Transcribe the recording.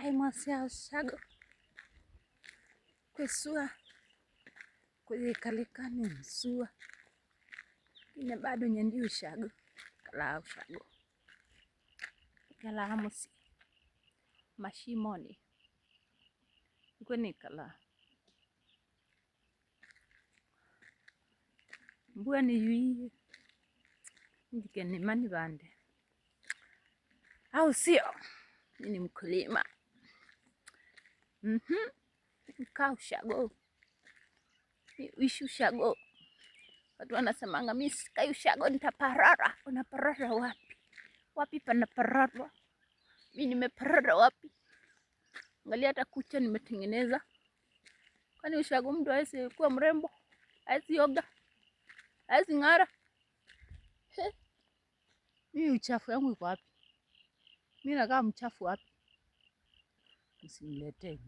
aimwasiashago kwesua kuikalekane msua ine bado nyendi ushago kalaa ushago kalaa musi mashimoni ikwenikala mbua niyuiye ndike mani bande au sio? Ni mkulima mm -hmm. Kaa ushago, uishi ushago. Watu wanasemanga mi sikai ushago, nitaparara. Unaparara wapi? Wapi panapararwa? mi nimeparara wapi? Angalia hata kucha nimetengeneza. Kwani ushago mtu awezi kuwa mrembo? awezi oga awezi ng'ara? mi uchafu yangu iko wapi? Mimi nakaa mchafu wapi? 就是你这个。